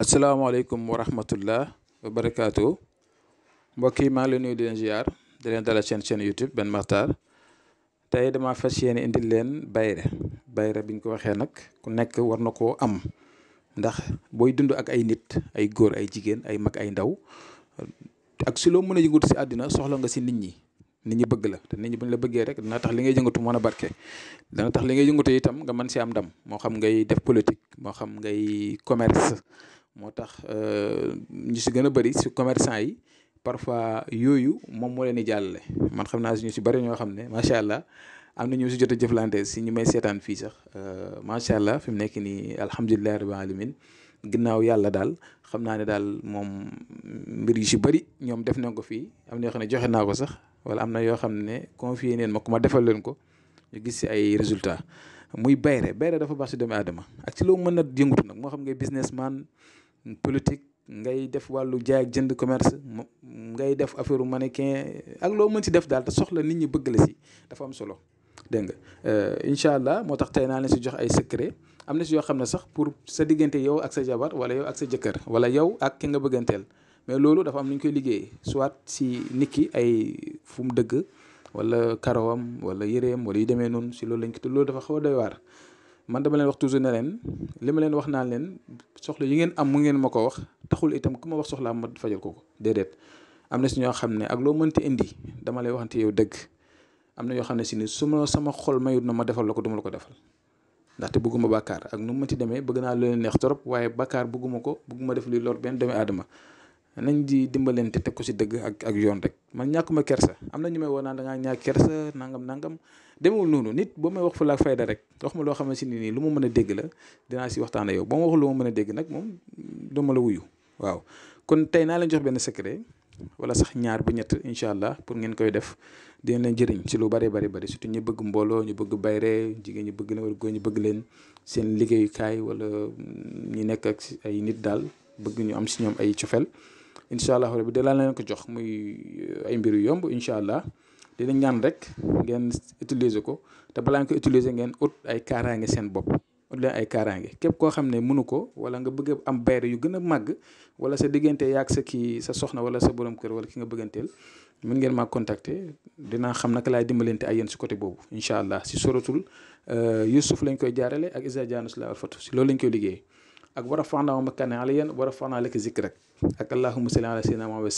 Assalamualaikum warahmatullah wabarakatuh. mbokki ma la yi maa nuyu di ziar di len dalal sen chaîne YouTube Ben martar tay dama fassiyene indi len bayre bayre biñ ko waxe nak ku nek warnako am ndax boy dundu ak ay nit ay gor ay jigen ay mak ay ndaw ak si lo meuna yengut ci si soxla nga si nit ñi nit ñi bëgg la te nit ñi buñ la bëggee rek dana tax li ngay yëngatu mën a barke dana tax li ngay yëngatu itam nga man si am ndam mo xam ngay def politique mo xam ngay commerce motax euh ñu ci gëna bari ci commerçant yi parfois yoyu mom mo leni jallé man xamna naa ñu ci bari ño xamné ma sha allah amna ñu ci jotté jëflante ci ñu may seetaan fi sax euh ma sha allah fim nekk ni alhamdullilah rabbil alamin ginnaw yàlla dal xamna ne dal mom mbir yi ci bari ñom def nañ ko fi am na yoo joxe naa ko sax wala amna yo xamné xam confié neen mako ma defal leen ko ñu gis ci ay résultats muy bayre bayre dafa bax ci doomu adama ak ci lo mëna yëngutu nak mo xam ngay businessman politique ngay def wàllu jaay ak jënd commerce ngay def affaire mannequin ak loo mën si def daal te soxla nit ñi bëgg la si dafa am solo dégg nga euh, incha allah moo tax tey naa leen si jox ay secret am na si yoo xam ne sax pour sa diggante yow ak sa jabar wala yow ak sa jëkkër wala yow ak ki nga bëgganteel mais loolu dafa am nu ñu koy liggéey soit si nit ki ay fu mu dëgg wala karawam wala yëreem wala yu demee noonu si loolu lañ ko te loolu dafa xaw a doy waar man dama leen wax toujours ne leen li ma leen wax naan leen soxla yi ngeen am mu ngeen ma ko wax taxul itam ku ma wax soxlaa ma fajal ko ko déedéet am na si ñoo xam ne ak loo mënti indi dama lay waxante yow dëgg am na yoo xam ne si ni su ma sama xol mayut na ma defal la ko duma la ko defal ndaxte bëgguma bàkkaar ak nu mu mënti demee bëgg naa lu leen neex trop waaye bàkkaar bëgguma ko bëgguma def luy lor benn doomi aadama nañ di dimbalante teg ko si dëgg ak ak yoon rek man ñàkkuma kersa am na ñu may woo naan da ngaa ñàkk kersa nangam nangam demewul noonu nit boo may wax fu la ak fayda rek wax ma loo xamante ni nii lu ma mën a dégg la dinaa si waxtaan ak yow boo ma wax loo ma mën a dégg nag moom du ma la wuyu waaw. kon tey naa leen jox benn secret wala sax ñaar bu ñett incha allah pour ngeen koy def dinañ leen jëriñ ci lu bari bari bari surtout ñu bëgg mbooloo ñu bëgg bayre jigéen ñu bëgg leen wala góor ñu bëgg leen seen liggéeyukaay wala ñi nekk ak ay nit daal bëgg ñu am si ñoom ay cofel inshallah rabbi dala la ko jox muy ay mbir yu yomb inshallah dina ñaan rek ngeen utiliser ko te bala ko utiliser ngeen ut ay kaaraange sen bop ut leen ay kaaraange kep ko xam ne mënu ko wala nga bëgg am bayre yu gëna mag wala sa digënté yak sa ki sa soxna wala sa borom kër wala ki nga bëggantel mën ngeen ma contacter dina xam nak lay dimbalenté ay yeen si côté bobu inshallah ci suratul euh, yusuf lañ koy jaarale ak isa janus la fatu si lolou lañ koy liggéey ak war a faxnaa ma kane ala ak allahumma salli ala sayyidina Muhammad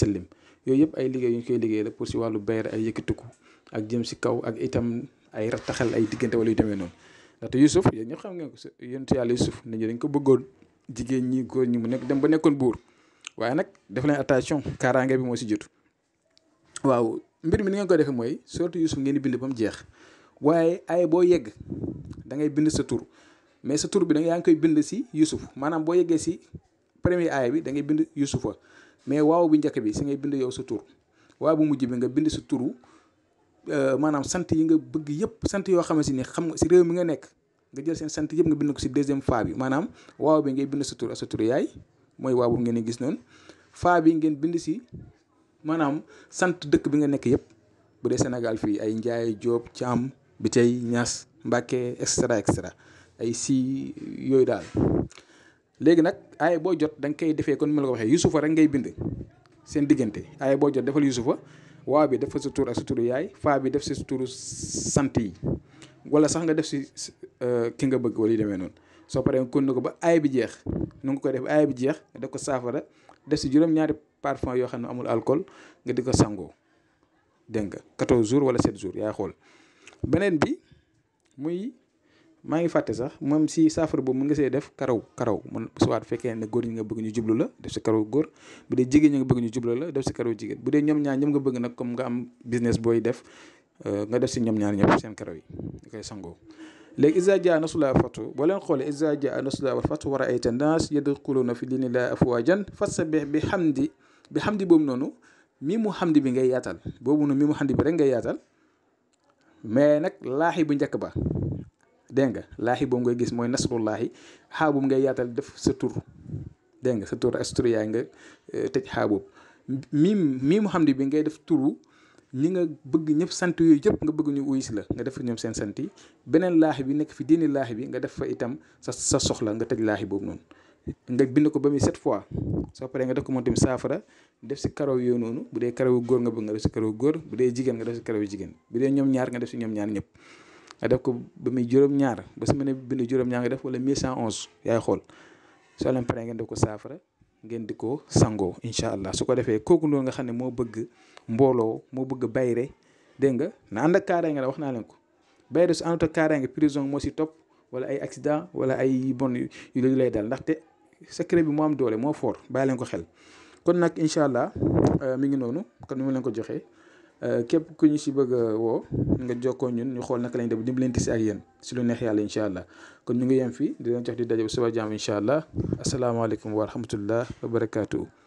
yëpp ay liggéey yu ñu koy liggéey la pour si wàllu bayre ay yëkkatiku ak jëm si kaw ak itam ay rattaxal ay diggante wala yu demee noonu ndaxte Youssouf yéen ñëpp xam ngeen ko yonentu yàlla Youssouf nit ñu dañ ko bëggoon jigéen ñi góor ñi mu nekk dem ba nekkoon buur waaye nag def leen attention kaaraange bi moo si jot waaw mbir mi ni ngeen ko defee mooy surtout Youssouf ngeen di bind ba mu jeex waaye ay boo yegg da ngay bind sa tur mais sa tur bi da yaa ngi koy bind si Youssouf maanaam boo yeggee si premier aaya bi da ngay bind yusufa mais waaw bu njëkk bi si ngay bind yow sa tur waaw bu mujj bi nga bind sa turu euh, maanaam sant yi nga bëgg yëpp sant yoo xamante ni xam nga si réew mi nga nekk nga jël seen sant yëpp nga bind ko si deuxième faa maanaam waaw bi ngay bind sa tur ak mooy waaw ngeen gis noonu faa bi ngeen bind si maanaam sant dëkk bi nga nekk yëpp bu dee Sénégal fii ay Ndiaye Diop Thiam Biteye Niass Mbacké et cetera et ay si yooyu daal léegi nag aaya boo jot da nga koy defee kon ni ma la ko waxee yusufa rek ngay bind seen diggante aaye boo jot defal yusufa waaw bi def fa sa ak sa turu yaay bi def si sa turu sant yi wala sax nga def si euh, ki nga bëgg wala yu demee noonu soo paree kon na ko ba aaya bi jeex nu nga koy def aaya bi jeex def ko saafara def si juróom-ñaari parfum yoo xam ne amul alcool nga di ko sangoo dégg nga 14 jours wala 7 jours yaay xool beneen bi muy maa ngi fàtte sax moom si saafara boobu mu nga see def karaw karaw mën soit fekkee ne góor ñi nga bëgg ñu jublu la def si karaw góor bu dee jigéen ñi nga bëgg ñu jublu la def si karaw jigéen bu dee ñoom ñaar ñoom nga bëgg nag comme nga am business booy def euh, nga def si ñoom ñaar ñëpp seen karaw yi nga koy sangoo léegi izaa jaa nasrullaahi wal fathu boo leen xoolee izaa jaa nasrullaahi wal fathu wa ra'ayta n-naas yadxuluuna fi diinillaahi afwaajan fasabbih bi hamdi bi boobu noonu mi mu hamdi bi ngay yaatal boobu noonu mi mu hamdi bi rek ngay yaatal mais nag laaxi bu njëkk ba Denga nga bo ngoy gis moy nasrullahi xaa boobu ngay yatal def sa tour denga nga sa tour astur ya nga eh, tej xaa boobu miim miimu bi ngay def turu ñi nga bëgg ñëpp sant yooyu yëpp nga bëgg ñu uy la nga def ñom seen sant yi beneen laaxi bi nek fi dini lahi bi nga def fa itam sa sa soxla nga tej lahi boobu non nga bind ko ba muy fois so pare nga def ko moom tamit saafara def ci karaw yo nonu bu dee karawu nga bëgg nga def ci karaw goor bu dee jigéen nga def ci karaw jigen bu dee ñaar nga def ci ñom ñaar ñëpp nga def ko ba muy juróom-ñaar ba su ma ne bind juróom-ñaar nga def wala 1111 yaay xool soo leen paree ngeen def ko saafara ngeen di ko sangoo incha allah su ko defee kooku noonu nga xam ne moo bëgg mbooloo moo bëgg bayre dégg nga na ànd ak wax naa leen ko bayre su àndut ak kaaraange prison moo si topp wala ay accident wala ay bon yu lay dal ndaxte secret bi moo am doole moo fort bàyyi leen ko xel kon nag incha allah euh, mi ngi noonu kon ni ma leen ko joxee. Euh, képp ku ñu si bëgg a woo nga jokkoo ñun ñu xool naka lañ def dimbalante si ak yéen si lu neex yàlla incha allah kon ñu ngi yem fii di leen jox di daje ba suba jàmm incha allah asalaamaaleykum wa rahmatullah wa